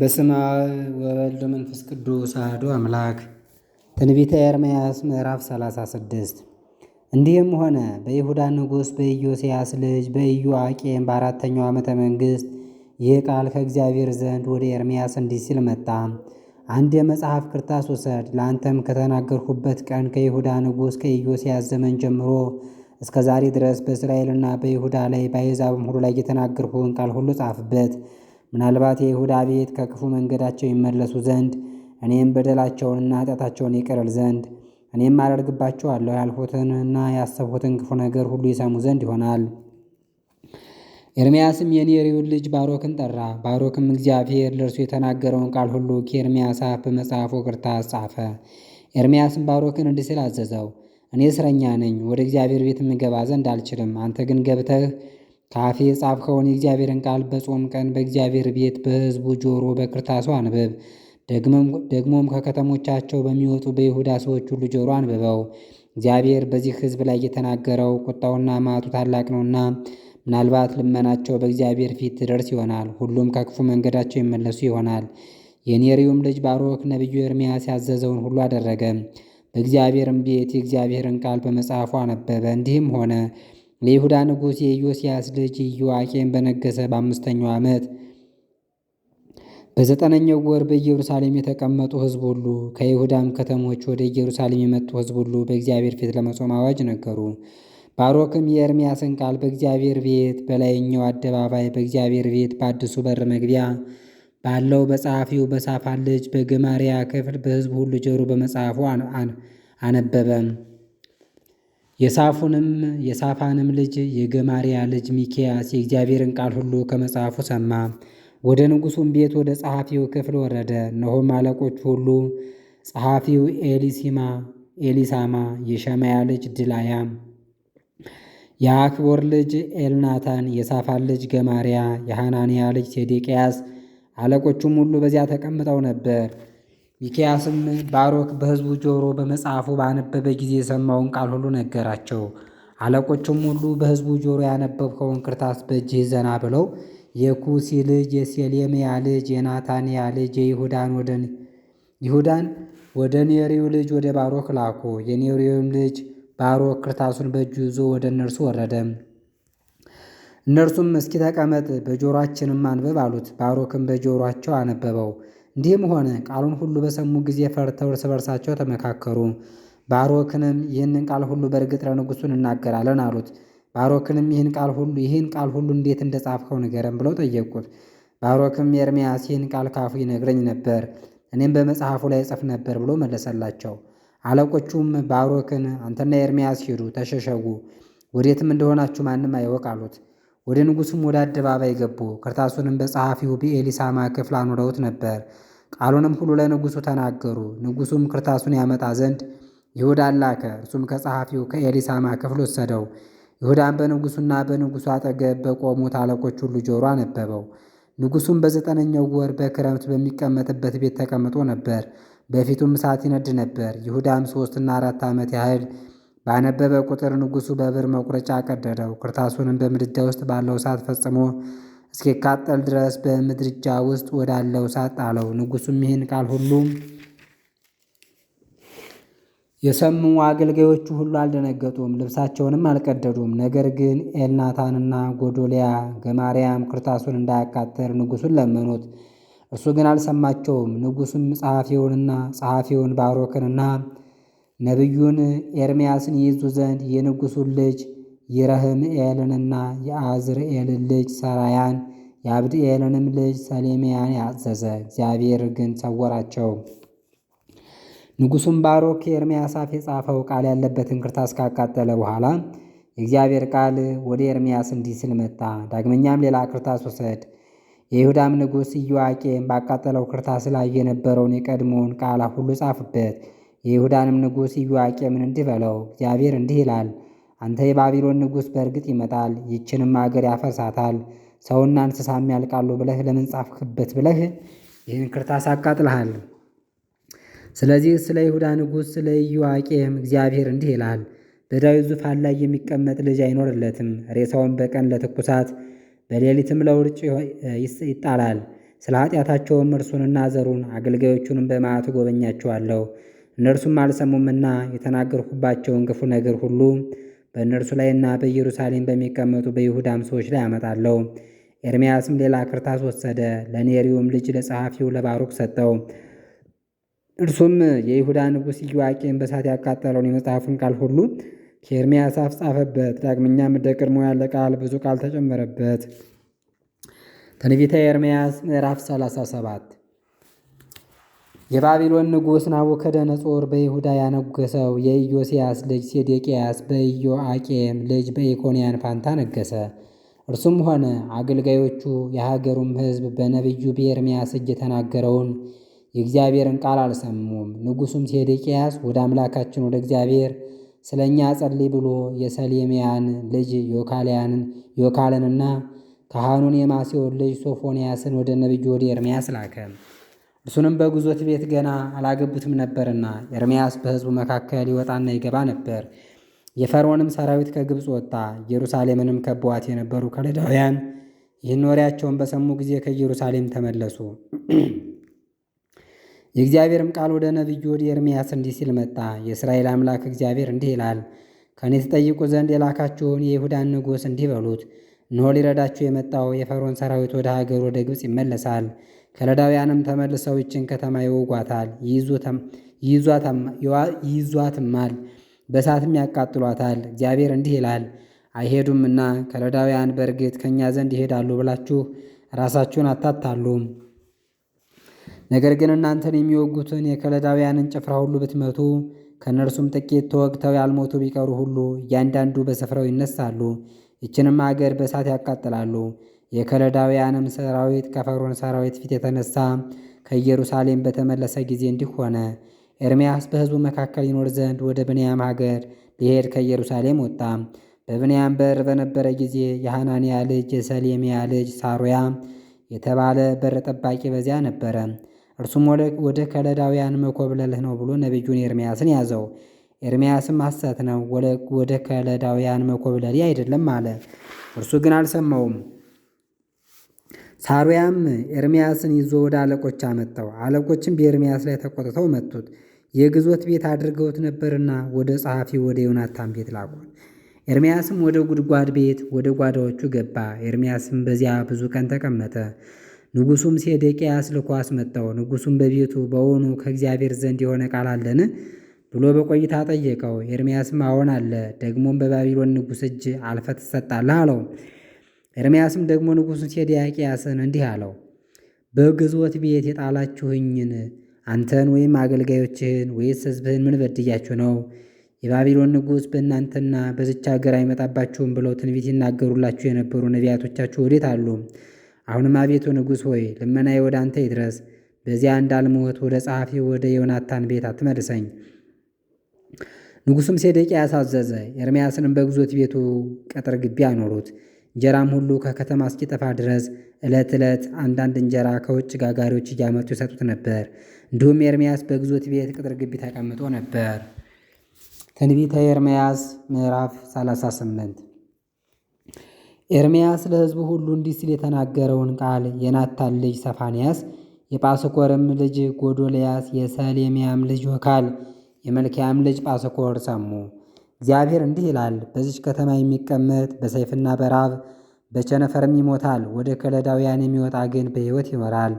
በስመ አብ ወወልድ ወመንፈስ ቅዱስ አሐዱ አምላክ። ትንቢተ ኤርምያስ ምዕራፍ 36 እንዲህም ሆነ በይሁዳ ንጉሥ በኢዮስያስ ልጅ በኢዮአቄም በአራተኛው ዓመተ መንግሥት ይህ ቃል ከእግዚአብሔር ዘንድ ወደ ኤርምያስ እንዲህ ሲል መጣ። አንድ የመጽሐፍ ክርታስ ውሰድ፣ ለአንተም ከተናገርሁበት ቀን ከይሁዳ ንጉሥ ከኢዮስያስ ዘመን ጀምሮ እስከ ዛሬ ድረስ በእስራኤልና በይሁዳ ላይ በአሕዛብም ሁሉ ላይ የተናገርሁን ቃል ሁሉ ጻፍበት። ምናልባት የይሁዳ ቤት ከክፉ መንገዳቸው ይመለሱ ዘንድ እኔም በደላቸውንና ኃጢአታቸውን ይቀርል ዘንድ እኔም አደርግባቸዋለሁ ያልሁትንና ያሰብሁትን ክፉ ነገር ሁሉ ይሰሙ ዘንድ ይሆናል። ኤርምያስም የኔሪውን ልጅ ባሮክን ጠራ። ባሮክም እግዚአብሔር ለእርሱ የተናገረውን ቃል ሁሉ ከኤርምያስ አፍ በመጽሐፉ ቅርታስ ጻፈ። ኤርምያስም ባሮክን እንዲህ ሲል አዘዘው፣ እኔ እስረኛ ነኝ፣ ወደ እግዚአብሔር ቤት የምገባ ዘንድ አልችልም። አንተ ግን ገብተህ ካፌ የጻፍከውን የእግዚአብሔርን ቃል በጾም ቀን በእግዚአብሔር ቤት በሕዝቡ ጆሮ በክርታሱ አንብብ። ደግሞም ከከተሞቻቸው በሚወጡ በይሁዳ ሰዎች ሁሉ ጆሮ አንብበው። እግዚአብሔር በዚህ ሕዝብ ላይ የተናገረው ቁጣውና ማቱ ታላቅ ነውና ምናልባት ልመናቸው በእግዚአብሔር ፊት ትደርስ ይሆናል። ሁሉም ከክፉ መንገዳቸው ይመለሱ ይሆናል። የኔሪውም ልጅ ባሮክ ነቢዩ ኤርምያስ ያዘዘውን ሁሉ አደረገ። በእግዚአብሔርም ቤት የእግዚአብሔርን ቃል በመጽሐፉ አነበበ። እንዲህም ሆነ ለይሁዳ ንጉሥ የኢዮስያስ ልጅ ኢዮአቄም በነገሰ በአምስተኛው ዓመት በዘጠነኛው ወር በኢየሩሳሌም የተቀመጡ ሕዝብ ሁሉ ከይሁዳም ከተሞች ወደ ኢየሩሳሌም የመጡ ሕዝብ ሁሉ በእግዚአብሔር ፊት ለመጾም አዋጅ ነገሩ። ባሮክም የኤርምያስን ቃል በእግዚአብሔር ቤት በላይኛው አደባባይ በእግዚአብሔር ቤት በአዲሱ በር መግቢያ ባለው በጸሐፊው በሳፋን ልጅ በገማሪያ ክፍል በሕዝብ ሁሉ ጆሮ በመጽሐፉ አነበበም። የሳፉንም የሳፋንም ልጅ የገማሪያ ልጅ ሚኪያስ የእግዚአብሔርን ቃል ሁሉ ከመጽሐፉ ሰማ። ወደ ንጉሡም ቤት ወደ ጸሐፊው ክፍል ወረደ። እነሆም አለቆች ሁሉ ጸሐፊው ኤሊሲማ ኤሊሳማ፣ የሸማያ ልጅ ድላያ፣ የአክቦር ልጅ ኤልናታን፣ የሳፋን ልጅ ገማሪያ፣ የሐናንያ ልጅ ሴዴቅያስ አለቆቹም ሁሉ በዚያ ተቀምጠው ነበር። ሚክያስም ባሮክ በሕዝቡ ጆሮ በመጽሐፉ ባነበበ ጊዜ የሰማውን ቃል ሁሉ ነገራቸው። አለቆችም ሁሉ በሕዝቡ ጆሮ ያነበብከውን ክርታስ በእጅህ ዘና ብለው የኩሲ ልጅ የሴሌምያ ልጅ የናታንያ ልጅ የይሁዳን ወደ ይሁዳን ወደ ኔሪው ልጅ ወደ ባሮክ ላኩ። የኔሪውም ልጅ ባሮክ ክርታሱን በእጁ ይዞ ወደ እነርሱ ወረደ። እነርሱም እስኪ ተቀመጥ፣ በጆሮአችንም አንበብ አሉት። ባሮክም በጆሮአቸው አነበበው። እንዲህም ሆነ ቃሉን ሁሉ በሰሙ ጊዜ ፈርተው እርስ በርሳቸው ተመካከሩ። ባሮክንም ይህንን ቃል ሁሉ በእርግጥ ለንጉሱ እናገራለን አሉት። ባሮክንም ይህን ቃል ሁሉ ይህን ቃል ሁሉ እንዴት እንደጻፍከው ንገረን ብለው ጠየቁት። ባሮክም ኤርምያስ ይህን ቃል ካፉ ይነግረኝ ነበር፣ እኔም በመጽሐፉ ላይ እጽፍ ነበር ብሎ መለሰላቸው። አለቆቹም ባሮክን አንተና ኤርምያስ ሂዱ፣ ተሸሸጉ፣ ወዴትም እንደሆናችሁ ማንም አይወቅ አሉት። ወደ ንጉሱም ወደ አደባባይ ገቡ። ክርታሱንም በጸሐፊው በኤሊሳማ ክፍል አኑረውት ነበር። ቃሉንም ሁሉ ለንጉሱ ተናገሩ። ንጉሱም ክርታሱን ያመጣ ዘንድ ይሁዳን ላከ። እርሱም ከጸሐፊው ከኤሊሳማ ክፍል ወሰደው። ይሁዳን በንጉሱና በንጉሱ አጠገብ በቆሙት አለቆች ሁሉ ጆሮ አነበበው። ንጉሱም በዘጠነኛው ወር በክረምት በሚቀመጥበት ቤት ተቀምጦ ነበር። በፊቱም እሳት ይነድ ነበር። ይሁዳም ሦስትና አራት ዓመት ያህል ባነበበ ቁጥር ንጉሱ በብር መቁረጫ ቀደደው። ክርታሱንም በምድጃ ውስጥ ባለው እሳት ፈጽሞ እስኪቃጠል ድረስ በምድርጃ ውስጥ ወዳለው እሳት ጣለው። ንጉሱም ይህን ቃል ሁሉ የሰሙ አገልጋዮቹ ሁሉ አልደነገጡም፣ ልብሳቸውንም አልቀደዱም። ነገር ግን ኤልናታንና ጎዶልያ ገማርያም ክርታሱን እንዳያካተር ንጉሱን ለመኑት። እርሱ ግን አልሰማቸውም። ንጉሱም ጸሐፊውንና ጸሐፊውን ባሮክንና ነቢዩን ኤርምያስን ይይዙ ዘንድ የንጉሱን ልጅ የአዝር የአዝርኤልን ልጅ ሰራያን የአብድኤልንም ልጅ ሰሌምያን ያዘዘ። እግዚአብሔር ግን ሰወራቸው። ንጉሱም ባሮክ የኤርምያስ አፍ የጻፈው ቃል ያለበትን ክርታስ ካቃጠለ በኋላ የእግዚአብሔር ቃል ወደ ኤርምያስ እንዲህ ሲል መጣ። ዳግመኛም ሌላ ክርታስ ውሰድ፣ የይሁዳም ንጉሥ ኢዮአቄም ባቃጠለው ክርታስ ላይ የነበረውን የቀድሞውን ቃል ሁሉ ጻፍበት። የይሁዳንም ንጉሥ ኢዮአቄምን እንዲህ በለው፣ እግዚአብሔር እንዲህ ይላል አንተ የባቢሎን ንጉሥ በእርግጥ ይመጣል፣ ይችንም አገር ያፈርሳታል፣ ሰውና እንስሳም ያልቃሉ ብለህ ለምን ጻፍክበት ብለህ ይህን ክርታስ አቃጥልሃል። ስለዚህ ስለ ይሁዳ ንጉሥ ስለ ኢዮአቄም እግዚአብሔር እንዲህ ይላል፣ በዳዊት ዙፋን ላይ የሚቀመጥ ልጅ አይኖርለትም። ሬሳውን በቀን ለትኩሳት በሌሊትም ለውርጭ ይጣላል። ስለ ኃጢአታቸውም እርሱንና ዘሩን አገልጋዮቹንም በማዕት ጎበኛቸዋለሁ። እነርሱም አልሰሙምና የተናገርኩባቸውን ክፉ ነገር ሁሉ በእነርሱ ላይና በኢየሩሳሌም በሚቀመጡ በይሁዳም ሰዎች ላይ አመጣለሁ። ኤርምያስም ሌላ ክርታስ ወሰደ፣ ለኔሪውም ልጅ ለጸሐፊው ለባሩክ ሰጠው። እርሱም የይሁዳ ንጉሥ ኢዮአቄም በሳት ያቃጠለውን የመጽሐፉን ቃል ሁሉ ከኤርምያስ አፍ ጻፈበት። ዳግመኛም እንደ ያለ ቃል ብዙ ቃል ተጨመረበት። ትንቢተ ኤርምያስ ምዕራፍ 37 የባቢሎን ንጉሥ ናቡከደነጾር በይሁዳ ያነገሰው የኢዮስያስ ልጅ ሴዴቅያስ በኢዮአቄም ልጅ በኢኮንያን ፋንታ ነገሰ። እርሱም ሆነ አገልጋዮቹ የሀገሩም ሕዝብ በነቢዩ በኤርምያስ እጅ የተናገረውን የእግዚአብሔርን ቃል አልሰሙም። ንጉሡም ሴዴቅያስ ወደ አምላካችን ወደ እግዚአብሔር ስለ እኛ ጸልይ ብሎ የሰሌምያን ልጅ ዮካልንና ካህኑን የማሴዮን ልጅ ሶፎንያስን ወደ ነቢዩ ወደ ኤርምያስ ላከ። እርሱንም በግዞት ቤት ገና አላገቡትም ነበርና ኤርምያስ በሕዝቡ መካከል ይወጣና ይገባ ነበር። የፈርዖንም ሰራዊት ከግብፅ ወጣ። ኢየሩሳሌምንም ከበዋት የነበሩ ከለዳውያን ይህን ወሬያቸውን በሰሙ ጊዜ ከኢየሩሳሌም ተመለሱ። የእግዚአብሔርም ቃል ወደ ነቢዩ ወደ ኤርምያስ እንዲህ ሲል መጣ። የእስራኤል አምላክ እግዚአብሔር እንዲህ ይላል፣ ከእኔ ትጠይቁ ዘንድ የላካችሁን የይሁዳን ንጉሥ እንዲህ በሉት፣ እነሆ ሊረዳችሁ የመጣው የፈርዖን ሰራዊት ወደ ሀገር ወደ ግብፅ ይመለሳል። ከለዳውያንም ተመልሰው ይችን ከተማ ይወጓታል፣ ይይዟትማል፣ በእሳትም ያቃጥሏታል። እግዚአብሔር እንዲህ ይላል አይሄዱምና ከለዳውያን በእርግጥ ከእኛ ዘንድ ይሄዳሉ ብላችሁ ራሳችሁን አታታሉም። ነገር ግን እናንተን የሚወጉትን የከለዳውያንን ጭፍራ ሁሉ ብትመቱ ከእነርሱም ጥቂት ተወግተው ያልሞቱ ቢቀሩ ሁሉ እያንዳንዱ በስፍራው ይነሳሉ፣ ይችንም አገር በእሳት ያቃጥላሉ። የከለዳውያንም ሰራዊት ከፈሮን ሰራዊት ፊት የተነሳ ከኢየሩሳሌም በተመለሰ ጊዜ እንዲህ ሆነ። ኤርምያስ በሕዝቡ መካከል ይኖር ዘንድ ወደ ብንያም ሀገር ሊሄድ ከኢየሩሳሌም ወጣ። በብንያም በር በነበረ ጊዜ የሐናንያ ልጅ የሰሌምያ ልጅ ሳሩያ የተባለ በር ጠባቂ በዚያ ነበረ። እርሱም ወደ ከለዳውያን መኮብለልህ ነው ብሎ ነቢዩን ኤርምያስን ያዘው። ኤርምያስም ሐሰት ነው፣ ወደ ከለዳውያን መኮብለል አይደለም አለ። እርሱ ግን አልሰማውም። ሳሩያም ኤርምያስን ይዞ ወደ አለቆች አመጣው። አለቆችም በኤርምያስ ላይ ተቆጥተው መቱት፣ የግዞት ቤት አድርገውት ነበርና ወደ ጸሐፊ ወደ ዮናታን ቤት ላኩት። ኤርምያስም ወደ ጉድጓድ ቤት ወደ ጓዳዎቹ ገባ። ኤርምያስም በዚያ ብዙ ቀን ተቀመጠ። ንጉሱም ሴዴቅያስ ልኮ አስመጣው። ንጉሱም በቤቱ በውኑ ከእግዚአብሔር ዘንድ የሆነ ቃል አለን ብሎ በቆይታ ጠየቀው። ኤርምያስም አዎን አለ። ደግሞም በባቢሎን ንጉሥ እጅ አልፈ ትሰጣለህ አለው። ኤርምያስም ደግሞ ንጉሡን ሴዴቅያስን እንዲህ አለው፣ በግዞት ቤት የጣላችሁኝን አንተን ወይም አገልጋዮችህን ወይስ ሕዝብህን ምን በድያችሁ ነው? የባቢሎን ንጉሥ በእናንተና በዝቻ ሀገር አይመጣባችሁም ብለው ትንቢት ይናገሩላችሁ የነበሩ ነቢያቶቻችሁ ወዴት አሉ? አሁንም አቤቱ ንጉሥ ሆይ ልመናዬ ወደ አንተ ይድረስ። በዚያ እንዳልሞት ወደ ጸሐፊ ወደ ዮናታን ቤት አትመልሰኝ። ንጉሡም ሴዴቅያስ አዘዘ። ኤርምያስንም በግዞት ቤቱ ቅጥር ግቢ አኖሩት። እንጀራም ሁሉ ከከተማ እስኪጠፋ ድረስ ዕለት ዕለት አንዳንድ እንጀራ ከውጭ ጋጋሪዎች እያመጡ ይሰጡት ነበር። እንዲሁም ኤርምያስ በግዞት ቤት ቅጥር ግቢ ተቀምጦ ነበር። ትንቢተ ኤርምያስ ምዕራፍ 38 ኤርምያስ ለሕዝቡ ሁሉ እንዲህ ሲል የተናገረውን ቃል የናታን ልጅ ሰፋንያስ፣ የጳስኮርም ልጅ ጎዶልያስ፣ የሰሌምያም ልጅ ወካል፣ የመልኪያም ልጅ ጳስኮር ሰሙ። እግዚአብሔር እንዲህ ይላል፣ በዚች ከተማ የሚቀመጥ በሰይፍና በራብ በቸነፈርም ይሞታል። ወደ ከለዳውያን የሚወጣ ግን በሕይወት ይኖራል።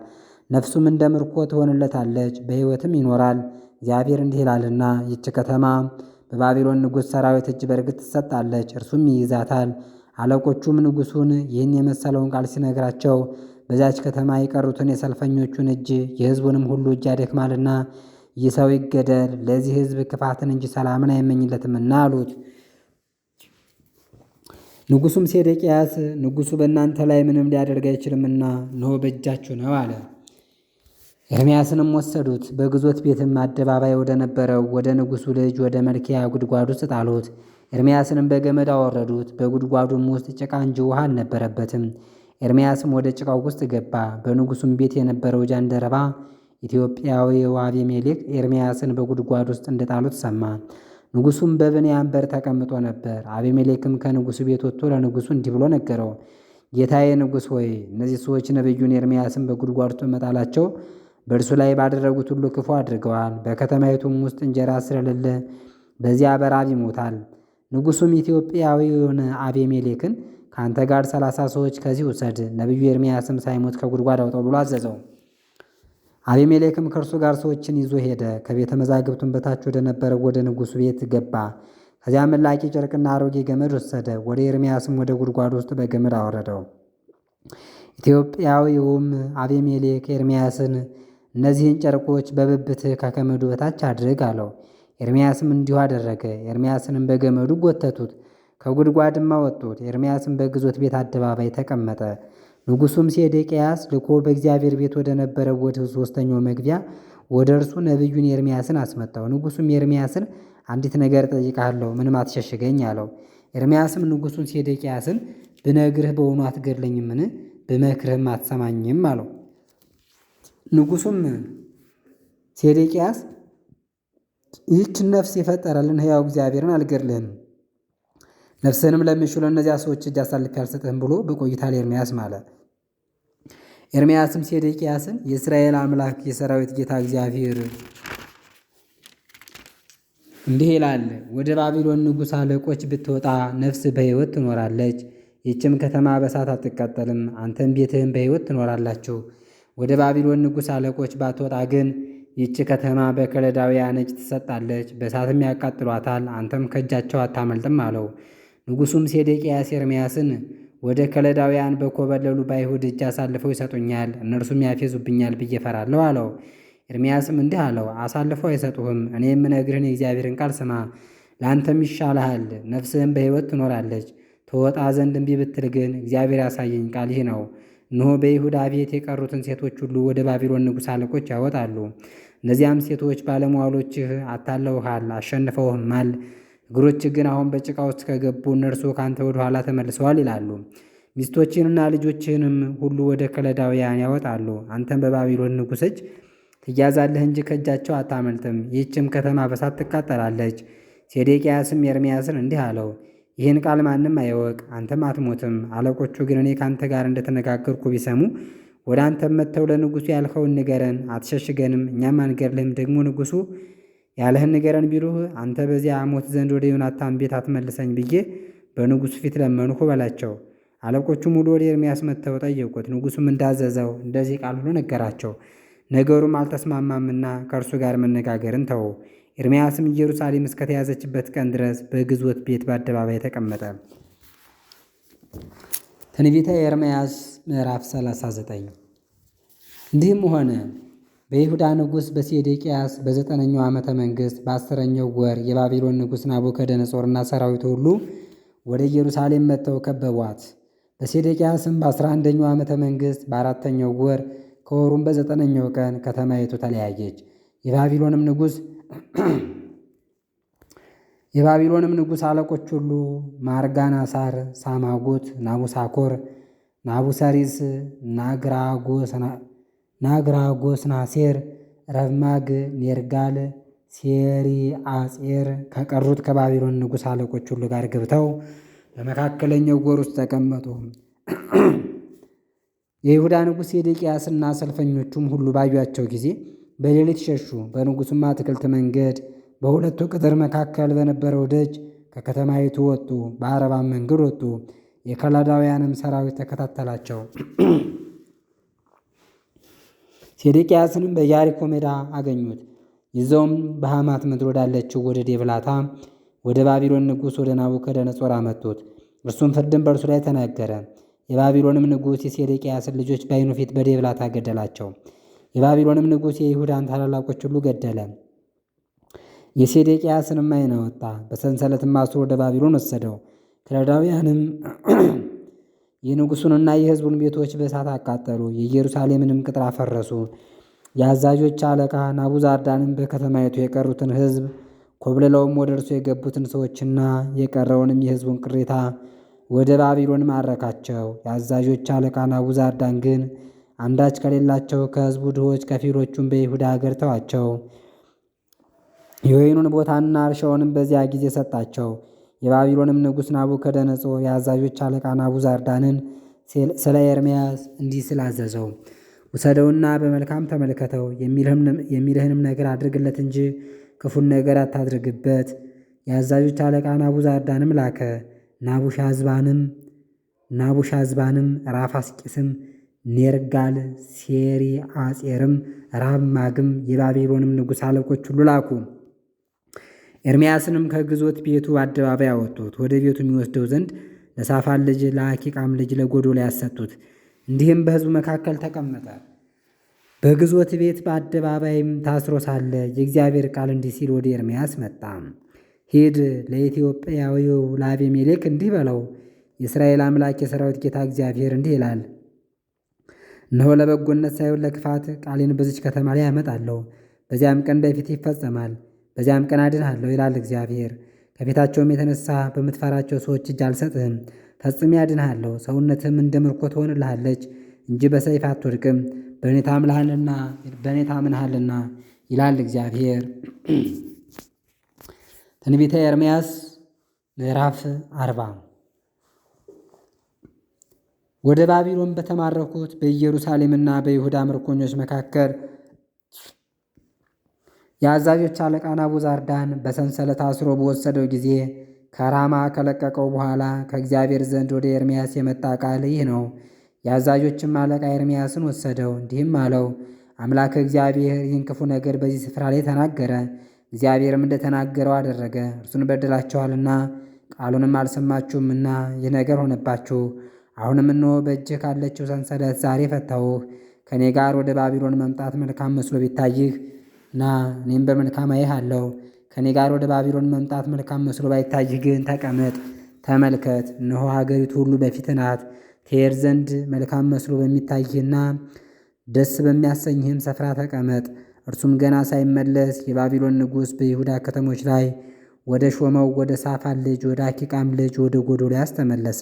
ነፍሱም እንደ ምርኮ ትሆንለታለች፣ በሕይወትም ይኖራል። እግዚአብሔር እንዲህ ይላልና ይች ከተማ በባቢሎን ንጉሥ ሰራዊት እጅ በእርግጥ ትሰጣለች፣ እርሱም ይይዛታል። አለቆቹም ንጉሡን ይህን የመሰለውን ቃል ሲነግራቸው በዚያች ከተማ የቀሩትን የሰልፈኞቹን እጅ የሕዝቡንም ሁሉ እጅ ያደክማልና ይህ ሰው ይገደል፣ ለዚህ ህዝብ ክፋትን እንጂ ሰላምን አይመኝለትምና አሉት። ንጉሱም ሴዴቅያስ ንጉሱ በእናንተ ላይ ምንም ሊያደርግ አይችልምና እነሆ በእጃችሁ ነው አለ። ኤርምያስንም ወሰዱት፣ በግዞት ቤትም አደባባይ ወደ ነበረው ወደ ንጉሱ ልጅ ወደ መልኪያ ጉድጓድ ውስጥ ጣሉት። ኤርምያስንም በገመድ አወረዱት። በጉድጓዱም ውስጥ ጭቃ እንጂ ውሃ አልነበረበትም። ኤርምያስም ወደ ጭቃው ውስጥ ገባ። በንጉሱም ቤት የነበረው ጃንደረባ ኢትዮጵያዊው አቢሜሌክ ኤርምያስን በጉድጓድ ውስጥ እንደጣሉት ሰማ። ንጉሱም በብንያም በር ተቀምጦ ነበር። አቢሜሌክም ከንጉሱ ቤት ወጥቶ ለንጉሱ እንዲህ ብሎ ነገረው። ጌታዬ ንጉሥ ሆይ እነዚህ ሰዎች ነቢዩን ኤርምያስን በጉድጓድ ውስጥ መጣላቸው በእርሱ ላይ ባደረጉት ሁሉ ክፉ አድርገዋል። በከተማይቱም ውስጥ እንጀራ ስለሌለ በዚያ በራብ ይሞታል። ንጉሱም ኢትዮጵያዊ የሆነ አቤሜሌክን ከአንተ ጋር ሰላሳ ሰዎች ከዚህ ውሰድ፣ ነቢዩ ኤርምያስም ሳይሞት ከጉድጓድ አውጠው ብሎ አዘዘው። አቤሜሌክም ከእርሱ ጋር ሰዎችን ይዞ ሄደ። ከቤተ መዛግብቱን በታች ወደ ነበረ ወደ ንጉሱ ቤት ገባ። ከዚያም መላቂ ጨርቅና አሮጌ ገመድ ወሰደ። ወደ ኤርምያስም ወደ ጉድጓድ ውስጥ በገመድ አወረደው። ኢትዮጵያዊውም አቤሜሌክ ኤርምያስን እነዚህን ጨርቆች በብብትህ ከገመዱ በታች አድርግ አለው። ኤርምያስም እንዲሁ አደረገ። ኤርምያስንም በገመዱ ጎተቱት፣ ከጉድጓድም አወጡት። ኤርምያስም በግዞት ቤት አደባባይ ተቀመጠ። ንጉሱም ሴዴቅያስ ልኮ በእግዚአብሔር ቤት ወደ ነበረ ወደ ሶስተኛው መግቢያ ወደ እርሱ ነቢዩን ኤርምያስን አስመጣው። ንጉሱም ኤርምያስን አንዲት ነገር ጠይቃለሁ፣ ምንም አትሸሽገኝ አለው። ኤርምያስም ንጉሱን ሴዴቅያስን ብነግርህ በሆኑ አትገድለኝምን? ብመክርህም አትሰማኝም አለው። ንጉሱም ሴዴቅያስ ይህችን ነፍስ የፈጠረልን ሕያው እግዚአብሔርን አልገድልህም ነፍስህንም ለሚሹ ለእነዚያ ሰዎች እጅ አሳልፌ አልሰጥህም ብሎ በቆይታል ኤርምያስ ማለ። ኤርምያስም ሴዴቅያስን የእስራኤል አምላክ የሰራዊት ጌታ እግዚአብሔር እንዲህ ይላል፣ ወደ ባቢሎን ንጉሥ አለቆች ብትወጣ ነፍስ በሕይወት ትኖራለች፣ ይችም ከተማ በሳት አትቃጠልም፣ አንተም ቤትህም በሕይወት ትኖራላችሁ። ወደ ባቢሎን ንጉሥ አለቆች ባትወጣ ግን ይች ከተማ በከለዳውያን እጅ ትሰጣለች፣ በሳትም ያቃጥሏታል፣ አንተም ከእጃቸው አታመልጥም አለው። ንጉሡም ሴዴቅያስ ኤርምያስን ወደ ከለዳውያን በኮበለሉ በአይሁድ እጅ አሳልፈው ይሰጡኛል፣ እነርሱም ያፌዙብኛል ብዬ ፈራለሁ አለው። ኤርምያስም እንዲህ አለው፣ አሳልፈው አይሰጡህም። እኔ የምነግርህን የእግዚአብሔርን ቃል ስማ፣ ለአንተም ይሻልሃል፣ ነፍስህም በሕይወት ትኖራለች። ተወጣ ዘንድ እምቢ ብትል ግን እግዚአብሔር ያሳየኝ ቃል ይህ ነው። እነሆ በይሁዳ ቤት የቀሩትን ሴቶች ሁሉ ወደ ባቢሎን ንጉሥ አለቆች ያወጣሉ። እነዚያም ሴቶች ባለሟሎችህ አታለውሃል፣ አሸንፈውህማል እግሮች ግን አሁን በጭቃ ውስጥ ከገቡ እነርሱ ካንተ ወደ ኋላ ተመልሰዋል ይላሉ። ሚስቶችንና ልጆችህንም ሁሉ ወደ ከለዳውያን ያወጣሉ። አንተም በባቢሎን ንጉሥ እጅ ትያዛለህ እንጂ ከእጃቸው አታመልጥም። ይህችም ከተማ በሳት ትቃጠላለች። ሴዴቅያስም ኤርምያስን እንዲህ አለው፣ ይህን ቃል ማንም አይወቅ፣ አንተም አትሞትም። አለቆቹ ግን እኔ ከአንተ ጋር እንደተነጋገርኩ ቢሰሙ ወደ አንተም መጥተው ለንጉሱ ያልኸውን ንገረን፣ አትሸሽገንም፣ እኛም አንገድልህም። ደግሞ ንጉሱ ያለህን ንገረን ቢሉህ አንተ በዚያ አሞት ዘንድ ወደ ዮናታን ቤት አትመልሰኝ ብዬ በንጉሱ ፊት ለመንሁ በላቸው። አለቆቹም ሁሉ ወደ ኤርምያስ መጥተው ጠየቁት። ንጉሱም እንዳዘዘው እንደዚህ ቃል ሁሉ ነገራቸው። ነገሩም አልተስማማምና ከእርሱ ጋር መነጋገርን ተው። ኤርምያስም ኢየሩሳሌም እስከተያዘችበት ቀን ድረስ በግዞት ቤት በአደባባይ ተቀመጠ። ትንቢተ ኤርምያስ ምዕራፍ 39 እንዲህም ሆነ በይሁዳ ንጉሥ በሴዴቅያስ በዘጠነኛው ዓመተ መንግሥት በአስረኛው ወር የባቢሎን ንጉሥ ናቡከደነጾርና ሰራዊቱ ሁሉ ወደ ኢየሩሳሌም መጥተው ከበቧት። በሴዴቅያስም በአስራ አንደኛው ዓመተ መንግሥት በአራተኛው ወር ከወሩም በዘጠነኛው ቀን ከተማይቱ ተለያየች። የባቢሎንም ንጉሥ የባቢሎንም ንጉሥ አለቆች ሁሉ ማርጋናሳር፣ ሳማጎት ናቡሳኮር፣ ናቡሰሪስ፣ ናግራጎስ ናሴር ረብማግ፣ ኔርጋል፣ አጼር ከቀሩት ከባቢሎን ንጉሥ አለቆች ሁሉ ጋር ገብተው በመካከለኛው ጎር ውስጥ ተቀመጡ። የይሁዳ ንጉሥ ሴዴቅያስና ሰልፈኞቹም ሁሉ ባዩቸው ጊዜ በሌሊት ሸሹ። በንጉሡም አትክልት መንገድ በሁለቱ ቅጥር መካከል በነበረው ደጅ ከከተማይቱ ወጡ፣ በአረባም መንገድ ወጡ። የከላዳውያንም ሰራዊት ተከታተላቸው። ሴዴቅያስንም በያሪኮ ሜዳ አገኙት። ይዘውም በሐማት ምድር ወዳለችው ወደ ዴብላታ ወደ ባቢሎን ንጉሥ ወደ ናቡከደነጾር አመጡት። እርሱም ፍርድን በእርሱ ላይ ተናገረ። የባቢሎንም ንጉሥ የሴዴቅያስን ልጆች በዓይኑ ፊት በዴብላታ ገደላቸው። የባቢሎንም ንጉሥ የይሁዳን ታላላቆች ሁሉ ገደለ። የሴዴቅያስንም ዓይን አወጣ፣ በሰንሰለትም አስሮ ወደ ባቢሎን ወሰደው። ከለዳውያንም የንጉሱንና የሕዝቡን ቤቶች በእሳት አቃጠሉ። የኢየሩሳሌምንም ቅጥር አፈረሱ። የአዛዦች አለቃ ናቡዛርዳንም በከተማይቱ የቀሩትን ሕዝብ ኮብልለውም ወደ እርሱ የገቡትን ሰዎችና የቀረውንም የሕዝቡን ቅሬታ ወደ ባቢሎን ማረካቸው። የአዛዦች አለቃ ናቡዛርዳን ግን አንዳች ከሌላቸው ከሕዝቡ ድሆች ከፊሎቹን በይሁዳ አገር ተዋቸው። የወይኑን ቦታና እርሻውንም በዚያ ጊዜ ሰጣቸው። የባቢሎንም ንጉሥ ናቡከደነጾር የአዛዦች አለቃ ናቡዛርዳንን ስለ ኤርምያስ እንዲህ ስል አዘዘው። ውሰደውና በመልካም ተመልከተው፣ የሚልህንም ነገር አድርግለት እንጂ ክፉን ነገር አታድርግበት። የአዛዦች አለቃ ናቡዛርዳንም ላከ። ናቡሻዝባንም ናቡሻዝባንም ራፋስቂስም ኔርጋል ሴሪ አጼርም ራብ ማግም የባቢሎንም ንጉሥ አለቆች ሁሉ ላኩ። ኤርምያስንም ከግዞት ቤቱ አደባባይ አወጡት፣ ወደ ቤቱ የሚወስደው ዘንድ ለሳፋን ልጅ ለአኪቃም ልጅ ለጎዶልያስ ያሰጡት። እንዲህም በሕዝቡ መካከል ተቀመጠ። በግዞት ቤት በአደባባይም ታስሮ ሳለ የእግዚአብሔር ቃል እንዲህ ሲል ወደ ኤርምያስ መጣ። ሂድ ለኢትዮጵያዊው ለአቤሜሌክ እንዲህ በለው፣ የእስራኤል አምላክ የሰራዊት ጌታ እግዚአብሔር እንዲህ ይላል፣ እነሆ ለበጎነት ሳይሆን ለክፋት ቃሌን በዚች ከተማ ላይ ያመጣለሁ፣ በዚያም ቀን በፊት ይፈጸማል። በዚያም ቀን አድንሃለሁ ይላል እግዚአብሔር። ከፊታቸውም የተነሳ በምትፈራቸው ሰዎች እጅ አልሰጥህም። ፈጽሜ አድንሃለሁ፣ ሰውነትህም እንደ ምርኮ ትሆንልሃለች እንጂ በሰይፍ አትወድቅም። በእኔ ታምንሃልና ይላል እግዚአብሔር። ትንቢተ ኤርምያስ ምዕራፍ አርባ ወደ ባቢሎን በተማረኩት በኢየሩሳሌምና በይሁዳ ምርኮኞች መካከል የአዛዦች አለቃ ናቡዛርዳን በሰንሰለት አስሮ በወሰደው ጊዜ ከራማ ከለቀቀው በኋላ ከእግዚአብሔር ዘንድ ወደ ኤርምያስ የመጣ ቃል ይህ ነው። የአዛዦችም አለቃ ኤርምያስን ወሰደው እንዲህም አለው፣ አምላክ እግዚአብሔር ይህን ክፉ ነገር በዚህ ስፍራ ላይ ተናገረ። እግዚአብሔርም እንደተናገረው አደረገ። እርሱን በድላችኋልና ቃሉንም አልሰማችሁምና ይህ ነገር ሆነባችሁ። አሁንም እነሆ በእጅህ ካለችው ሰንሰለት ዛሬ ፈታሁህ። ከእኔ ጋር ወደ ባቢሎን መምጣት መልካም መስሎ ቢታይህ ና እኔም በመልካም አይሃለሁ። ከእኔ ጋር ወደ ባቢሎን መምጣት መልካም መስሎ ባይታይህ ግን ተቀመጥ፣ ተመልከት። እነሆ ሀገሪቱ ሁሉ በፊትህ ናት። ትሄድ ዘንድ መልካም መስሎ በሚታይህና ደስ በሚያሰኝህም ስፍራ ተቀመጥ። እርሱም ገና ሳይመለስ የባቢሎን ንጉሥ በይሁዳ ከተሞች ላይ ወደ ሾመው ወደ ሳፋን ልጅ ወደ አኪቃም ልጅ ወደ ጎዶልያስ ተመለሰ።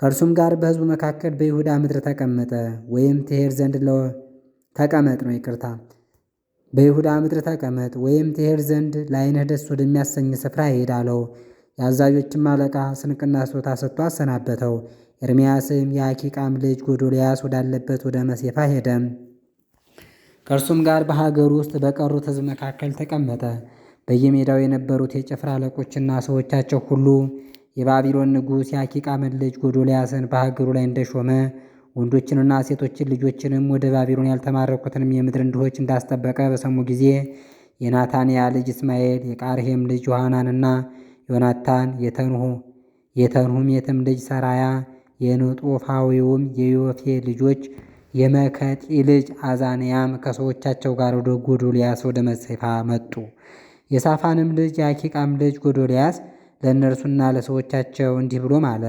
ከእርሱም ጋር በሕዝቡ መካከል በይሁዳ ምድር ተቀመጠ። ወይም ትሄድ ዘንድ ተቀመጥ ነው ይቅርታ በይሁዳ ምድር ተቀመጥ ወይም ትሄድ ዘንድ ለዓይንህ ደስ ወደሚያሰኝ ስፍራ ይሄድ አለው። የአዛዦችም አለቃ ስንቅና ስጦታ ሰጥቶ አሰናበተው። ኤርምያስም የአኪቃም ልጅ ጎዶልያስ ወዳለበት ወደ መሴፋ ሄደ። ከእርሱም ጋር በሀገር ውስጥ በቀሩት ሕዝብ መካከል ተቀመጠ። በየሜዳው የነበሩት የጭፍራ አለቆችና ሰዎቻቸው ሁሉ የባቢሎን ንጉሥ የአኪቃምን ልጅ ጎዶልያስን በሀገሩ ላይ እንደሾመ ወንዶችንና ሴቶችን ልጆችንም ወደ ባቢሎን ያልተማረኩትንም የምድርን ድሆች እንዳስጠበቀ በሰሙ ጊዜ የናታንያ ልጅ እስማኤል የቃርሄም ልጅ ዮሐናንና ዮናታን የተንሁም የትም ልጅ ሰራያ የንጡፋዊውም የዮፌ ልጆች የመከጢ ልጅ አዛንያም ከሰዎቻቸው ጋር ወደ ጎዶልያስ ወደ መጽፋ መጡ። የሳፋንም ልጅ የአኪቃም ልጅ ጎዶልያስ ለእነርሱና ለሰዎቻቸው እንዲህ ብሎ አለ።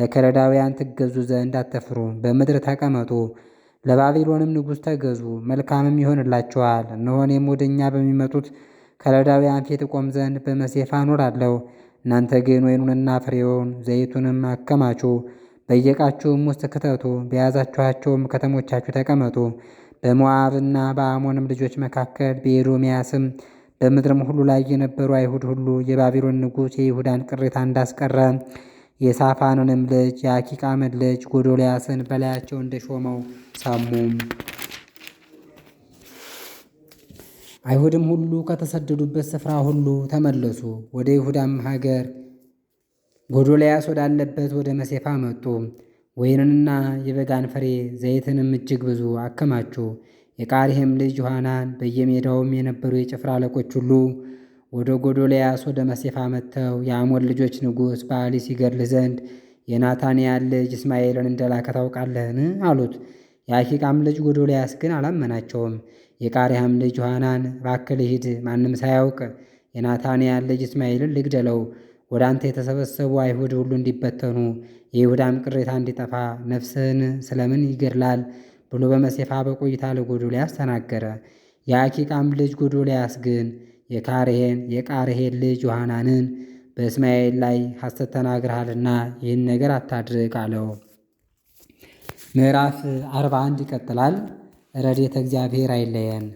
ለከለዳውያን ትገዙ ዘንድ አትፍሩ፣ በምድር ተቀመጡ፣ ለባቢሎንም ንጉሥ ተገዙ፣ መልካምም ይሆንላችኋል። እነሆ እኔም ወደ እኛ በሚመጡት ከለዳውያን ፊት እቆም ዘንድ በመሴፋ እኖራለሁ። እናንተ ግን ወይኑንና ፍሬውን ዘይቱንም አከማቹ፣ በየዕቃችሁም ውስጥ ክተቱ፣ በያዛችኋቸውም ከተሞቻችሁ ተቀመጡ። በሞዓብና በአሞንም ልጆች መካከል በኤዶምያስም በምድርም ሁሉ ላይ የነበሩ አይሁድ ሁሉ የባቢሎን ንጉሥ የይሁዳን ቅሬታ እንዳስቀረ የሳፋንንም ልጅ የአኪቃምን ልጅ ጎዶልያስን በላያቸው እንደሾመው ሰሙም። አይሁድም ሁሉ ከተሰደዱበት ስፍራ ሁሉ ተመለሱ። ወደ ይሁዳም ሀገር ጎዶልያስ ወዳለበት ወደ መሴፋ መጡ። ወይንንና የበጋን ፍሬ ዘይትንም እጅግ ብዙ አከማቹ። የቃሪህም ልጅ ዮሐናን በየሜዳውም የነበሩ የጭፍራ አለቆች ሁሉ ወደ ጎዶልያስ ወደ መሴፋ መጥተው የአሞን ልጆች ንጉሥ ባሊ ሲገድል ዘንድ የናታንያን ልጅ እስማኤልን እንደላከ ታውቃለህን? አሉት። የአኪቃም ልጅ ጎዶልያስ ግን አላመናቸውም። የቃሪያም ልጅ ዮሐናን ባክልሂድ ሂድ፣ ማንም ሳያውቅ የናታንያን ልጅ እስማኤልን ልግደለው፣ ወደ አንተ የተሰበሰቡ አይሁድ ሁሉ እንዲበተኑ፣ የይሁዳም ቅሬታ እንዲጠፋ ነፍስህን ስለምን ይገድላል ብሎ በመሴፋ በቆይታ ለጎዶልያስ ተናገረ። የአኪቃም ልጅ ጎዶልያስ ግን የካርሄን የቃርሄን ልጅ ዮሐናንን በእስማኤል ላይ ሐሰት ተናግረሃልና ይህን ነገር አታድርግ አለው። ምዕራፍ 41 ይቀጥላል። ረድኤተ እግዚአብሔር አይለየን።